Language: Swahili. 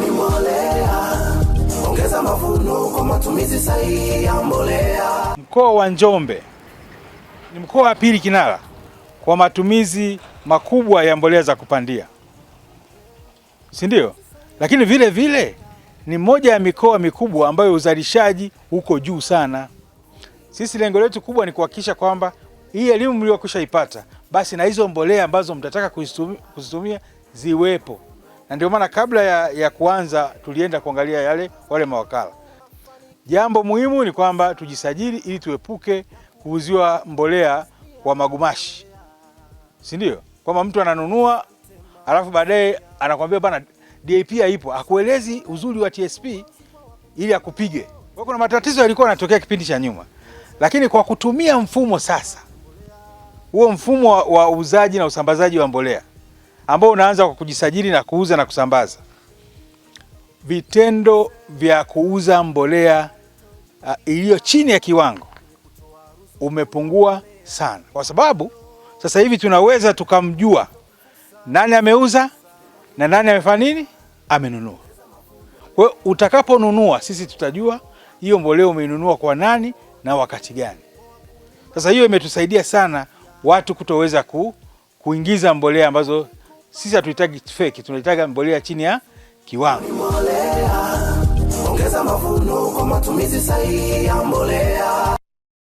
miongoni mwa Ongeza mavuno kwa matumizi sahihi ya mbolea. Mkoa wa Njombe ni mkoa wa pili kinara kwa matumizi makubwa ya mbolea za kupandia, si ndio? Lakini vile vile ni moja ya mikoa mikubwa ambayo uzalishaji uko juu sana. Sisi lengo letu kubwa ni kuhakikisha kwamba hii elimu mliokwisha ipata, basi na hizo mbolea ambazo mtataka kuzitumia ziwepo na ndio maana kabla ya, ya kuanza tulienda kuangalia yale wale mawakala. Jambo muhimu ni kwamba tujisajili ili tuepuke kuuziwa mbolea kwa magumashi, si ndio? Kwamba mtu ananunua alafu baadaye anakwambia bana, DAP haipo, akuelezi uzuri wa TSP ili akupige. Kwa kuna matatizo yalikuwa yanatokea kipindi cha nyuma, lakini kwa kutumia mfumo sasa, huo mfumo wa uuzaji na usambazaji wa mbolea ambao unaanza kwa kujisajili na kuuza na kusambaza. Vitendo vya kuuza mbolea uh, iliyo chini ya kiwango umepungua sana, kwa sababu sasa hivi tunaweza tukamjua nani ameuza na nani amefanya nini, amenunua. Kwa hiyo utakaponunua, sisi tutajua hiyo mbolea umeinunua kwa nani na wakati gani. Sasa hiyo imetusaidia sana watu kutoweza ku, kuingiza mbolea ambazo sisi hatuhitaji feki, tunahitaji mbolea chini ya kiwango. Ongeza mavuno kwa matumizi sahihi ya mbolea.